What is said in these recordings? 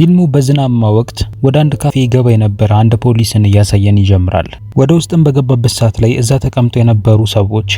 ፊልሙ በዝናማ ወቅት ወደ አንድ ካፌ ይገባ የነበረ አንድ ፖሊስን እያሳየን ይጀምራል። ወደ ውስጥም በገባበት ሰዓት ላይ እዛ ተቀምጠው የነበሩ ሰዎች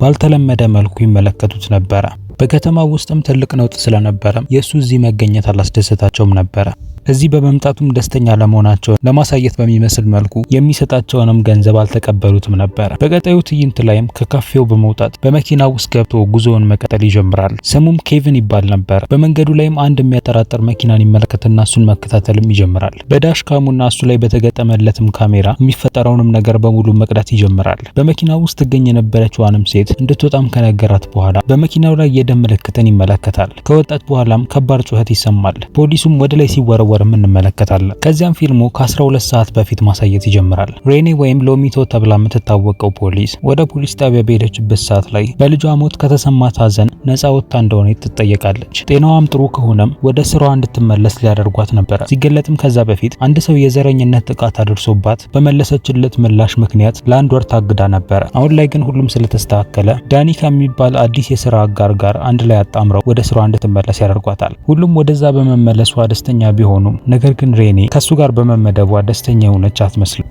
ባልተለመደ መልኩ ይመለከቱት ነበረ። በከተማ ውስጥም ትልቅ ነውጥ ስለነበረ የእሱ እዚህ መገኘት አላስደሰታቸውም ነበረ። እዚህ በመምጣቱም ደስተኛ ለመሆናቸውን ለማሳየት በሚመስል መልኩ የሚሰጣቸውንም ገንዘብ አልተቀበሉትም ነበር። በቀጣዩ ትዕይንት ላይም ከካፌው በመውጣት በመኪና ውስጥ ገብቶ ጉዞውን መቀጠል ይጀምራል። ስሙም ኬቪን ይባል ነበር። በመንገዱ ላይም አንድ የሚያጠራጥር መኪናን ይመለከትና እሱን መከታተልም ይጀምራል። በዳሽ ካሙና እሱ ላይ በተገጠመለትም ካሜራ የሚፈጠረውንም ነገር በሙሉ መቅዳት ይጀምራል። በመኪና ውስጥ ትገኝ የነበረችዋንም ሴት እንድትወጣም ከነገራት በኋላ በመኪናው ላይ የደም ምልክትን ይመለከታል። ከወጣት በኋላም ከባድ ጩኸት ይሰማል። ፖሊሱም ወደ ላይ ሲወረወር ሲዘዋወርም እንመለከታለን። ከዚያም ፊልሙ ከ12 ሰዓት በፊት ማሳየት ይጀምራል። ሬኔ ወይም ሎሚቶ ተብላ የምትታወቀው ፖሊስ ወደ ፖሊስ ጣቢያ በሄደችበት ሰዓት ላይ በልጇ ሞት ከተሰማት ሐዘን ነፃ ወጥታ እንደሆነ ትጠየቃለች። ጤናዋም ጥሩ ከሆነም ወደ ስራዋ እንድትመለስ ሊያደርጓት ነበረ። ሲገለጥም ከዛ በፊት አንድ ሰው የዘረኝነት ጥቃት አድርሶባት በመለሰችለት ምላሽ ምክንያት ለአንድ ወር ታግዳ ነበረ። አሁን ላይ ግን ሁሉም ስለተስተካከለ ዳኒ ከሚባል አዲስ የስራ አጋር ጋር አንድ ላይ አጣምረው ወደ ስራዋ እንድትመለስ ያደርጓታል። ሁሉም ወደዛ በመመለሷ ደስተኛ ቢሆን ቢሆኑም ነገር ግን ሬኔ ከእሱ ጋር በመመደቧ ደስተኛ የሆነች አትመስልም።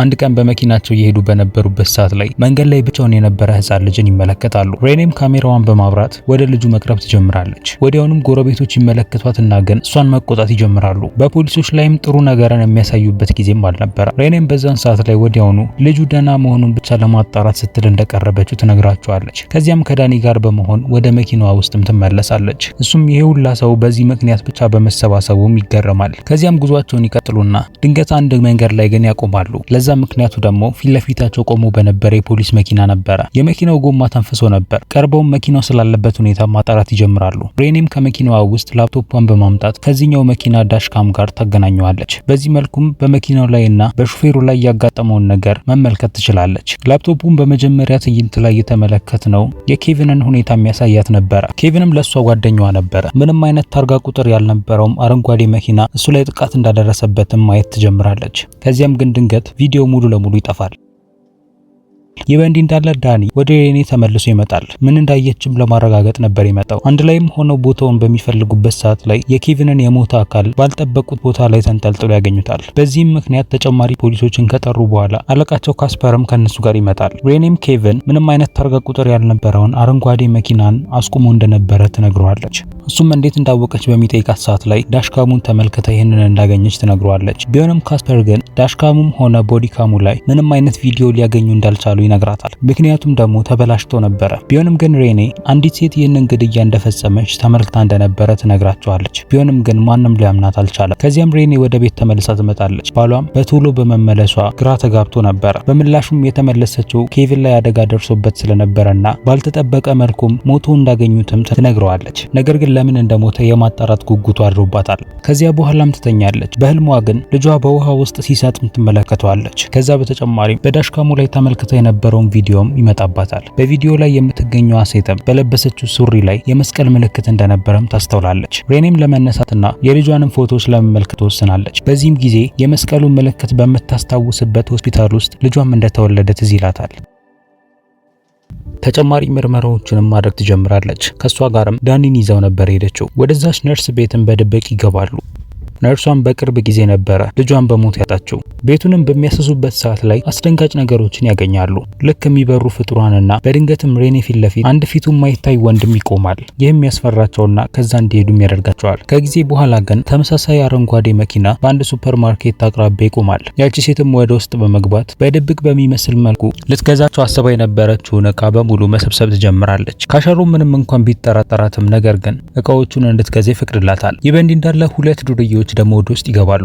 አንድ ቀን በመኪናቸው እየሄዱ በነበሩበት ሰዓት ላይ መንገድ ላይ ብቻውን የነበረ ህፃን ልጅን ይመለከታሉ። ሬኔም ካሜራዋን በማብራት ወደ ልጁ መቅረብ ትጀምራለች። ወዲያውኑም ጎረቤቶች ይመለከቷትና ግን እሷን መቆጣት ይጀምራሉ። በፖሊሶች ላይም ጥሩ ነገርን የሚያሳዩበት ጊዜም አልነበረ። ሬኔም በዛን ሰዓት ላይ ወዲያውኑ ልጁ ደህና መሆኑን ብቻ ለማጣራት ስትል እንደቀረበችው ትነግራቸዋለች። ከዚያም ከዳኒ ጋር በመሆን ወደ መኪናዋ ውስጥም ትመለሳለች። እሱም ይሄ ሁላ ሰው በዚህ ምክንያት ብቻ በመሰባሰቡም ይገረማል። ከዚያም ጉዟቸውን ይቀጥሉና ድንገት አንድ መንገድ ላይ ግን ያቆማሉ። ለዛ ለዛም ምክንያቱ ደግሞ ፊት ለፊታቸው ቆሞ በነበረ የፖሊስ መኪና ነበረ። የመኪናው ጎማ ተንፍሶ ነበር። ቀርበውም መኪናው ስላለበት ሁኔታ ማጣራት ይጀምራሉ። ሬኔም ከመኪናዋ ውስጥ ላፕቶፑን በማምጣት ከዚህኛው መኪና ዳሽካም ጋር ታገናኘዋለች። በዚህ መልኩም በመኪናው ላይ እና በሹፌሩ ላይ ያጋጠመውን ነገር መመልከት ትችላለች። ላፕቶፑን በመጀመሪያ ትዕይንት ላይ ነው የኬቪንን ሁኔታ የሚያሳያት ነበረ። ኬቪንም ለእሷ ጓደኛዋ ነበረ። ምንም አይነት ታርጋ ቁጥር ያልነበረውም አረንጓዴ መኪና እሱ ላይ ጥቃት እንዳደረሰበትም ማየት ትጀምራለች። ከዚያም ግን ድንገት ቪዲዮ ሙሉ ለሙሉ ይጠፋል። ይህ በእንዲህ እንዳለ ዳኒ ወደ ሬኔ ተመልሶ ይመጣል። ምን እንዳየችም ለማረጋገጥ ነበር የመጣው። አንድ ላይም ሆነው ቦታውን በሚፈልጉበት ሰዓት ላይ የኬቪንን የሞተ አካል ባልጠበቁት ቦታ ላይ ተንጠልጥሎ ያገኙታል። በዚህም ምክንያት ተጨማሪ ፖሊሶችን ከጠሩ በኋላ አለቃቸው ካስፐርም ከነሱ ጋር ይመጣል። ሬኔም ኬቪን ምንም አይነት ታርጋ ቁጥር ያልነበረውን አረንጓዴ መኪናን አስቁሞ እንደነበረ ትነግረዋለች። እሱም እንዴት እንዳወቀች በሚጠይቃት ሰዓት ላይ ዳሽካሙን ተመልክታ ይህንን እንዳገኘች ትነግሯለች። ቢሆንም ካስፐር ግን ዳሽካሙም ሆነ ቦዲካሙ ላይ ምንም አይነት ቪዲዮ ሊያገኙ እንዳልቻሉ ይነግራታል። ምክንያቱም ደግሞ ተበላሽቶ ነበረ። ቢሆንም ግን ሬኔ አንዲት ሴት ይህንን ግድያ እንደፈጸመች ተመልክታ እንደነበረ ትነግራቸዋለች። ቢሆንም ግን ማንም ሊያምናት አልቻለም። ከዚያም ሬኔ ወደ ቤት ተመልሳ ትመጣለች። ባሏም በቶሎ በመመለሷ ግራ ተጋብቶ ነበረ። በምላሹም የተመለሰችው ኬቪን ላይ አደጋ ደርሶበት ስለነበረና ባልተጠበቀ መልኩም ሞቶ እንዳገኙትም ትነግረዋለች። ነገር ግን ግን ለምን እንደሞተ የማጣራት ጉጉቱ አድሮባታል። ከዚያ በኋላም ትተኛለች። በህልሟ ግን ልጇ በውሃ ውስጥ ሲሰጥም ትመለከተዋለች። ከዛ በተጨማሪም በዳሽካሙ ላይ ተመልክታ የነበረውን ቪዲዮም ይመጣባታል። በቪዲዮ ላይ የምትገኘዋ ሴትም በለበሰችው ሱሪ ላይ የመስቀል ምልክት እንደነበረም ታስተውላለች። ሬኔም ለመነሳትና የልጇንም ፎቶዎች ለመመልከት ትወስናለች። በዚህም ጊዜ የመስቀሉን ምልክት በምታስታውስበት ሆስፒታል ውስጥ ልጇም እንደተወለደ ትዝ ይላታል። ተጨማሪ ምርመራዎችንም ማድረግ ትጀምራለች። ከእሷ ጋርም ዳኒን ይዘው ነበር ሄደችው። ወደዛች ነርስ ቤትን በድብቅ ይገባሉ። ነርሷን በቅርብ ጊዜ ነበረ ልጇን በሞት ያጣችው። ቤቱንም በሚያስዙበት ሰዓት ላይ አስደንጋጭ ነገሮችን ያገኛሉ። ልክ የሚበሩ ፍጡራንና በድንገትም ሬኔ ፊት ለፊት አንድ ፊቱ ማይታይ ወንድም ይቆማል። ይህም ያስፈራቸውና ከዛ እንዲሄዱም ያደርጋቸዋል። ከጊዜ በኋላ ግን ተመሳሳይ አረንጓዴ መኪና በአንድ ሱፐር ማርኬት አቅራቢያ ይቆማል። ያቺ ሴትም ወደ ውስጥ በመግባት በድብቅ በሚመስል መልኩ ልትገዛቸው አስባ የነበረችውን እቃ በሙሉ መሰብሰብ ትጀምራለች። ካሸሩ ምንም እንኳን ቢጠራጠራትም ነገር ግን እቃዎቹን እንድትገዛ ይፈቅድላታል። ይህ በእንዲህ እንዳለ ሁለት ዱርዬዎች ደግሞ ወደ ውስጥ ይገባሉ።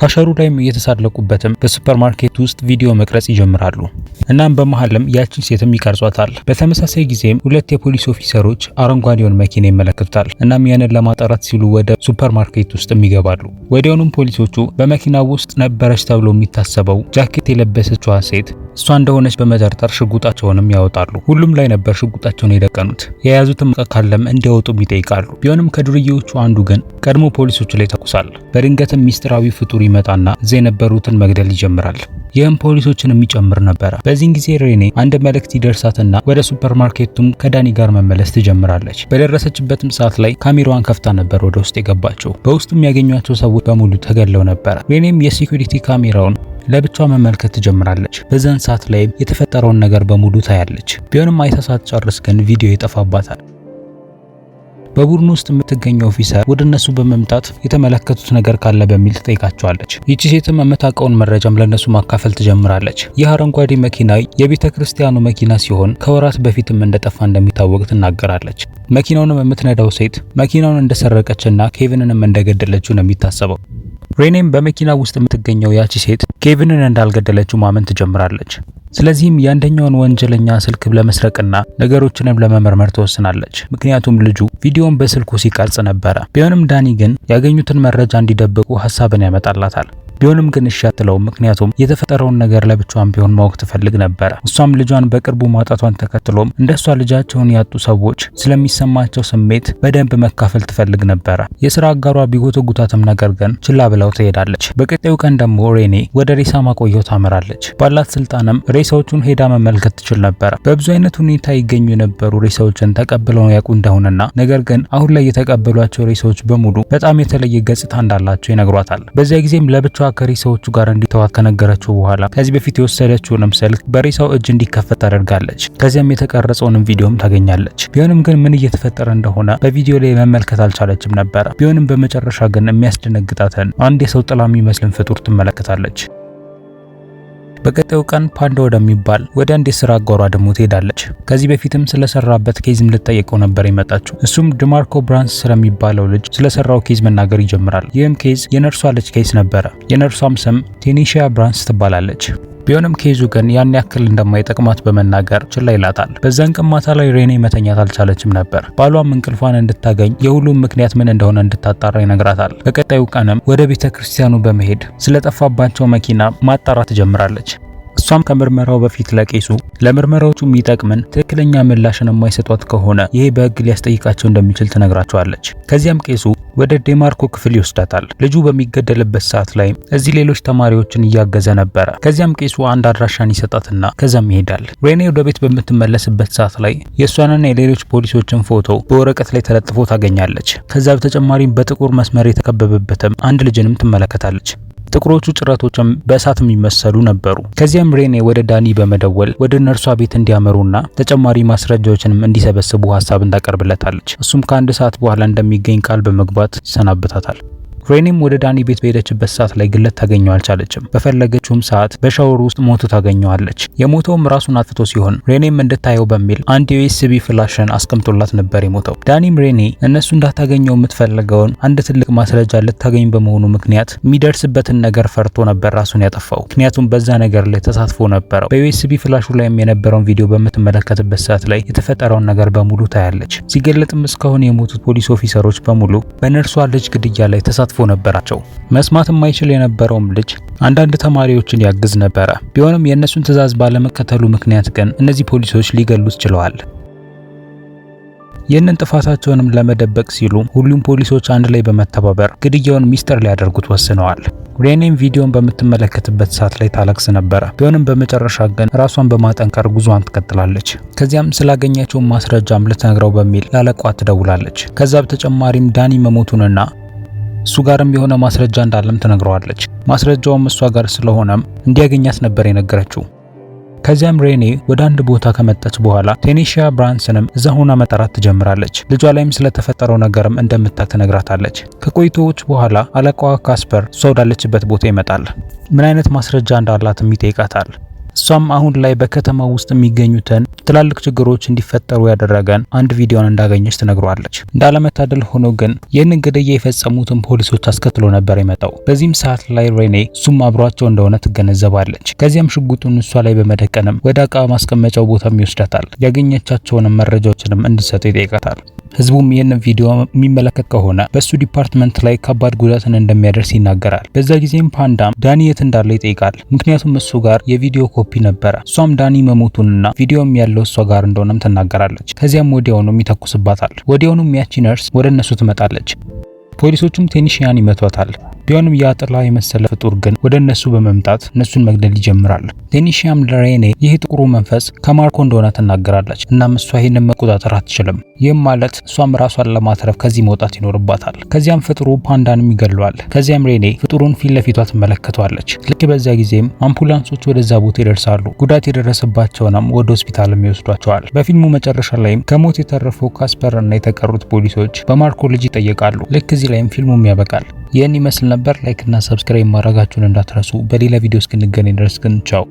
ካሸሩ ላይም እየተሳለቁበትም በሱፐርማርኬት ውስጥ ቪዲዮ መቅረጽ ይጀምራሉ። እናም በመሀልም ያቺን ሴትም ይቀርጿታል። በተመሳሳይ ጊዜም ሁለት የፖሊስ ኦፊሰሮች አረንጓዴውን መኪና ይመለከቱታል። እናም ያንን ለማጣራት ሲሉ ወደ ሱፐርማርኬት ውስጥም ይገባሉ። ወዲያውኑም ፖሊሶቹ በመኪናው ውስጥ ነበረች ተብሎ የሚታሰበው ጃኬት የለበሰችዋ ሴት እሷ እንደሆነች በመጠርጠር ሽጉጣቸውንም ያወጣሉ። ሁሉም ላይ ነበር ሽጉጣቸውን የደቀኑት። የያዙትም ካለም እንዲያወጡም ይጠይቃሉ። ቢሆንም ከዱርዬዎቹ አንዱ ግን ቀድሞ ፖሊሶቹ ላይ ተኩሳል። በድንገትም ሚስጥራዊ ፍጡር ይመጣና እዚያ የነበሩትን መግደል ይጀምራል። ይህም ፖሊሶችን የሚጨምር ነበረ። በዚህን ጊዜ ሬኔ አንድ መልእክት ይደርሳትና ወደ ሱፐርማርኬቱም ከዳኒ ጋር መመለስ ትጀምራለች። በደረሰችበትም ሰዓት ላይ ካሜራዋን ከፍታ ነበር ወደ ውስጥ የገባቸው። በውስጡ የሚያገኟቸው ሰዎች በሙሉ ተገለው ነበረ። ሬኔም የሴኩሪቲ ካሜራውን ለብቻ መመልከት ትጀምራለች። በዛን ሰዓት ላይም የተፈጠረውን ነገር በሙሉ ታያለች። ቢሆንም አይተሳት ጨርስ ግን ቪዲዮ ይጠፋባታል። በቡድኑ ውስጥ የምትገኘው ኦፊሰር ወደ እነሱ በመምጣት የተመለከቱት ነገር ካለ በሚል ትጠይቃቸዋለች። ይቺ ሴትም የምታውቀውን መረጃም ለእነሱ ማካፈል ትጀምራለች። ይህ አረንጓዴ መኪና የቤተ ክርስቲያኑ መኪና ሲሆን ከወራት በፊትም እንደጠፋ እንደሚታወቅ ትናገራለች። መኪናውንም የምትነዳው ሴት መኪናውን እንደሰረቀችና ኬቪንንም እንደገደለችው ነው የሚታሰበው። ሬኔም በመኪና ውስጥ የምትገኘው ያቺ ሴት ኬቪንን እንዳልገደለችው ማመን ትጀምራለች። ስለዚህም የአንደኛውን ወንጀለኛ ስልክ ለመስረቅና ነገሮችንም ለመመርመር ትወስናለች። ምክንያቱም ልጁ ቪዲዮን በስልኩ ሲቀርጽ ነበረ። ቢሆንም ዳኒ ግን ያገኙትን መረጃ እንዲደብቁ ሀሳብን ያመጣላታል። ቢሆንም ግን እሺ አትለውም። ምክንያቱም የተፈጠረውን ነገር ለብቻዋን ቢሆን ማወቅ ትፈልግ ነበረ። እሷም ልጇን በቅርቡ ማጣቷን ተከትሎም እንደሷ ልጃቸውን ያጡ ሰዎች ስለሚሰማቸው ስሜት በደንብ መካፈል ትፈልግ ነበረ። የስራ አጋሯ ቢጎተጉታትም ነገር ግን ችላ ብለው ትሄዳለች። በቀጣዩ ቀን ደግሞ ሬኔ ወደ ሬሳ ማቆየው ታመራለች። ባላት ስልጣንም ሬሳዎቹን ሄዳ መመልከት ትችል ነበረ። በብዙ አይነት ሁኔታ ይገኙ የነበሩ ሬሳዎችን ተቀብለው ያውቁ እንደሆነና ነገር ግን አሁን ላይ የተቀበሏቸው ሬሳዎች በሙሉ በጣም የተለየ ገጽታ እንዳላቸው ይነግሯታል። በዚያ ጊዜም ለብቻዋ ከሬሳዎቹ ጋር እንዲተዋት ከነገረችው በኋላ ከዚህ በፊት የወሰደችውንም ስልክ በሬሳው እጅ እንዲከፈት ታደርጋለች። ከዚያም የተቀረጸውንም ቪዲዮም ታገኛለች። ቢሆንም ግን ምን እየተፈጠረ እንደሆነ በቪዲዮ ላይ መመልከት አልቻለችም ነበረ። ቢሆንም በመጨረሻ ግን የሚያስደነግጣትን አንድ የሰው ጥላ የሚመስልን ፍጡር ትመለከታለች። በቀጣዩ ቀን ፓንዳ ወደሚባል ወደ አንድ የስራ አጋሯ ደግሞ ትሄዳለች። ከዚህ በፊትም ስለሰራበት ኬዝም ልጠየቀው ነበር የመጣችው። እሱም ድማርኮ ብራንስ ስለሚባለው ልጅ ስለሰራው ኬዝ መናገር ይጀምራል። ይህም ኬዝ የነርሷ ልጅ ኬዝ ነበረ። የነርሷም ስም ቴኒሺያ ብራንስ ትባላለች። ቢሆንም ኬዙ ግን ያን ያክል እንደማይጠቅማት በመናገር ችላ ይላታል። በዛን ቀን ማታ ላይ ሬኔ መተኛት አልቻለችም ነበር። ባሏም እንቅልፏን እንድታገኝ የሁሉም ምክንያት ምን እንደሆነ እንድታጣራ ይነግራታል። በቀጣዩ ቀንም ወደ ቤተ ክርስቲያኑ በመሄድ ስለጠፋባቸው መኪና ማጣራት ትጀምራለች። እሷም ከምርመራው በፊት ለቄሱ ለምርመራዎቹ የሚጠቅምን ትክክለኛ ምላሽን የማይሰጧት ከሆነ ይሄ በሕግ ሊያስጠይቃቸው እንደሚችል ትነግራቸዋለች። ከዚያም ቄሱ ወደ ዴማርኮ ክፍል ይወስዳታል። ልጁ በሚገደልበት ሰዓት ላይ እዚህ ሌሎች ተማሪዎችን እያገዘ ነበረ። ከዚያም ቄሱ አንድ አድራሻን ይሰጣትና ከዛም ይሄዳል። ሬኔ ወደ ቤት በምትመለስበት ሰዓት ላይ የእሷንና የሌሎች ፖሊሶችን ፎቶ በወረቀት ላይ ተለጥፎ ታገኛለች። ከዛ በተጨማሪም በጥቁር መስመር የተከበበበትም አንድ ልጅንም ትመለከታለች። ጥቁሮቹ ጭረቶችም በእሳት የሚመሰሉ ነበሩ። ከዚያም ሬኔ ወደ ዳኒ በመደወል ወደ ነርሷ ቤት እንዲያመሩና ተጨማሪ ማስረጃዎችንም እንዲሰበስቡ ሀሳብን ታቀርብለታለች እሱም ከአንድ ሰዓት በኋላ እንደሚገኝ ቃል በመግባት ይሰናብታታል። ሬኔም ወደ ዳኒ ቤት በሄደችበት ሰዓት ላይ ግለት ታገኘው አልቻለችም። በፈለገችውም ሰዓት በሻወር ውስጥ ሞቶ ታገኘዋለች። የሞተውም ራሱን አጥፍቶ ሲሆን ሬኔም እንድታየው በሚል አንድ ዩኤስቢ ፍላሽን አስቀምጦላት ነበር የሞተው። ዳኒም ሬኔ እነሱ እንዳታገኘው የምትፈልገውን አንድ ትልቅ ማስረጃ ልታገኝ በመሆኑ ምክንያት የሚደርስበትን ነገር ፈርቶ ነበር ራሱን ያጠፋው። ምክንያቱም በዛ ነገር ላይ ተሳትፎ ነበረው። በዩኤስቢ ፍላሹ ላይም የነበረውን ቪዲዮ በምትመለከትበት ሰዓት ላይ የተፈጠረውን ነገር በሙሉ ታያለች። ሲገለጥም እስካሁን የሞቱት ፖሊስ ኦፊሰሮች በሙሉ በነርሷ ልጅ ግድያ ላይ ተሳትፎ ተሳትፎ ነበራቸው። መስማት የማይችል የነበረውም ልጅ አንዳንድ ተማሪዎችን ያግዝ ነበረ። ቢሆንም የእነሱን ትዕዛዝ ባለመከተሉ ምክንያት ግን እነዚህ ፖሊሶች ሊገሉት ችለዋል። ይህንን ጥፋታቸውንም ለመደበቅ ሲሉ ሁሉም ፖሊሶች አንድ ላይ በመተባበር ግድያውን ሚስጥር ሊያደርጉት ወስነዋል። ሬኔም ቪዲዮን በምትመለከትበት ሰዓት ላይ ታለቅስ ነበረ። ቢሆንም በመጨረሻ ግን ራሷን በማጠንከር ጉዟን ትቀጥላለች። ከዚያም ስላገኘችው ማስረጃም ልትነግረው በሚል ላለቋ ትደውላለች። ከዛ በተጨማሪም ዳኒ መሞቱንና እሱ ጋርም የሆነ ማስረጃ እንዳለም ትነግረዋለች። ማስረጃውም እሷ ጋር ስለሆነም እንዲያገኛት ነበር የነገረችው። ከዚያም ሬኔ ወደ አንድ ቦታ ከመጣች በኋላ ቴኒሻ ብራንስንም እዛ ሆና መጠራት ትጀምራለች። ልጇ ላይም ስለተፈጠረው ነገርም እንደምታ ትነግራታለች። ከቆይቶዎች በኋላ አለቃዋ ካስፐር እሷ ወዳለችበት ቦታ ይመጣል። ምን አይነት ማስረጃ እንዳላትም ይጠይቃታል። እሷም አሁን ላይ በከተማ ውስጥ የሚገኙትን ትላልቅ ችግሮች እንዲፈጠሩ ያደረገን አንድ ቪዲዮን እንዳገኘች ትነግሯለች። እንዳለመታደል ሆኖ ግን ይህን ግድያ የፈጸሙትን ፖሊሶች አስከትሎ ነበር የመጣው። በዚህም ሰዓት ላይ ሬኔ እሱም አብሯቸው እንደሆነ ትገነዘባለች። ከዚያም ሽጉጡን እሷ ላይ በመደቀንም ወደ እቃ ማስቀመጫው ቦታም ይወስዳታል። ያገኘቻቸውንም መረጃዎችንም እንድሰጡ ይጠይቃታል። ህዝቡም ይህንን ቪዲዮ የሚመለከት ከሆነ በእሱ ዲፓርትመንት ላይ ከባድ ጉዳትን እንደሚያደርስ ይናገራል። በዛ ጊዜም ፓንዳም ዳኒ የት እንዳለ ይጠይቃል። ምክንያቱም እሱ ጋር የቪዲዮ ኮፒ ነበረ። እሷም ዳኒ መሞቱንና ቪዲዮም ያለው እሷ ጋር እንደሆነም ትናገራለች። ከዚያም ወዲያውኑም ይተኩስባታል። ወዲያውኑም ያቺ ነርስ ወደ እነሱ ትመጣለች። ፖሊሶቹም ቴኒሽያን ይመቷታል። ቢሆንም ያ ጥላ የመሰለ ፍጡር ግን ወደ እነሱ በመምጣት እነሱን መግደል ይጀምራል። ዴኒሽያም ለሬኔ ይህ ጥቁሩ መንፈስ ከማርኮ እንደሆነ ትናገራለች። እናም እሷ ይህንን መቆጣጠር አትችልም። ይህም ማለት እሷም ራሷን ለማትረፍ ከዚህ መውጣት ይኖርባታል። ከዚያም ፍጥሩ ፓንዳንም ይገለዋል። ከዚያም ሬኔ ፍጡሩን ፊት ለፊቷ ትመለከተዋለች። ልክ በዚያ ጊዜም አምቡላንሶች ወደዛ ቦታ ይደርሳሉ። ጉዳት የደረሰባቸውንም ወደ ሆስፒታልም ይወስዷቸዋል። በፊልሙ መጨረሻ ላይም ከሞት የተረፈው ካስፐር እና የተቀሩት ፖሊሶች በማርኮ ልጅ ይጠየቃሉ። ልክ እዚህ ላይም ፊልሙም ያበቃል። ይህን ይመስል ነበር። ላይክ እና ሰብስክራይብ ማድረጋችሁን እንዳትረሱ። በሌላ ቪዲዮ እስክንገናኝ ድረስ ግን ቻው።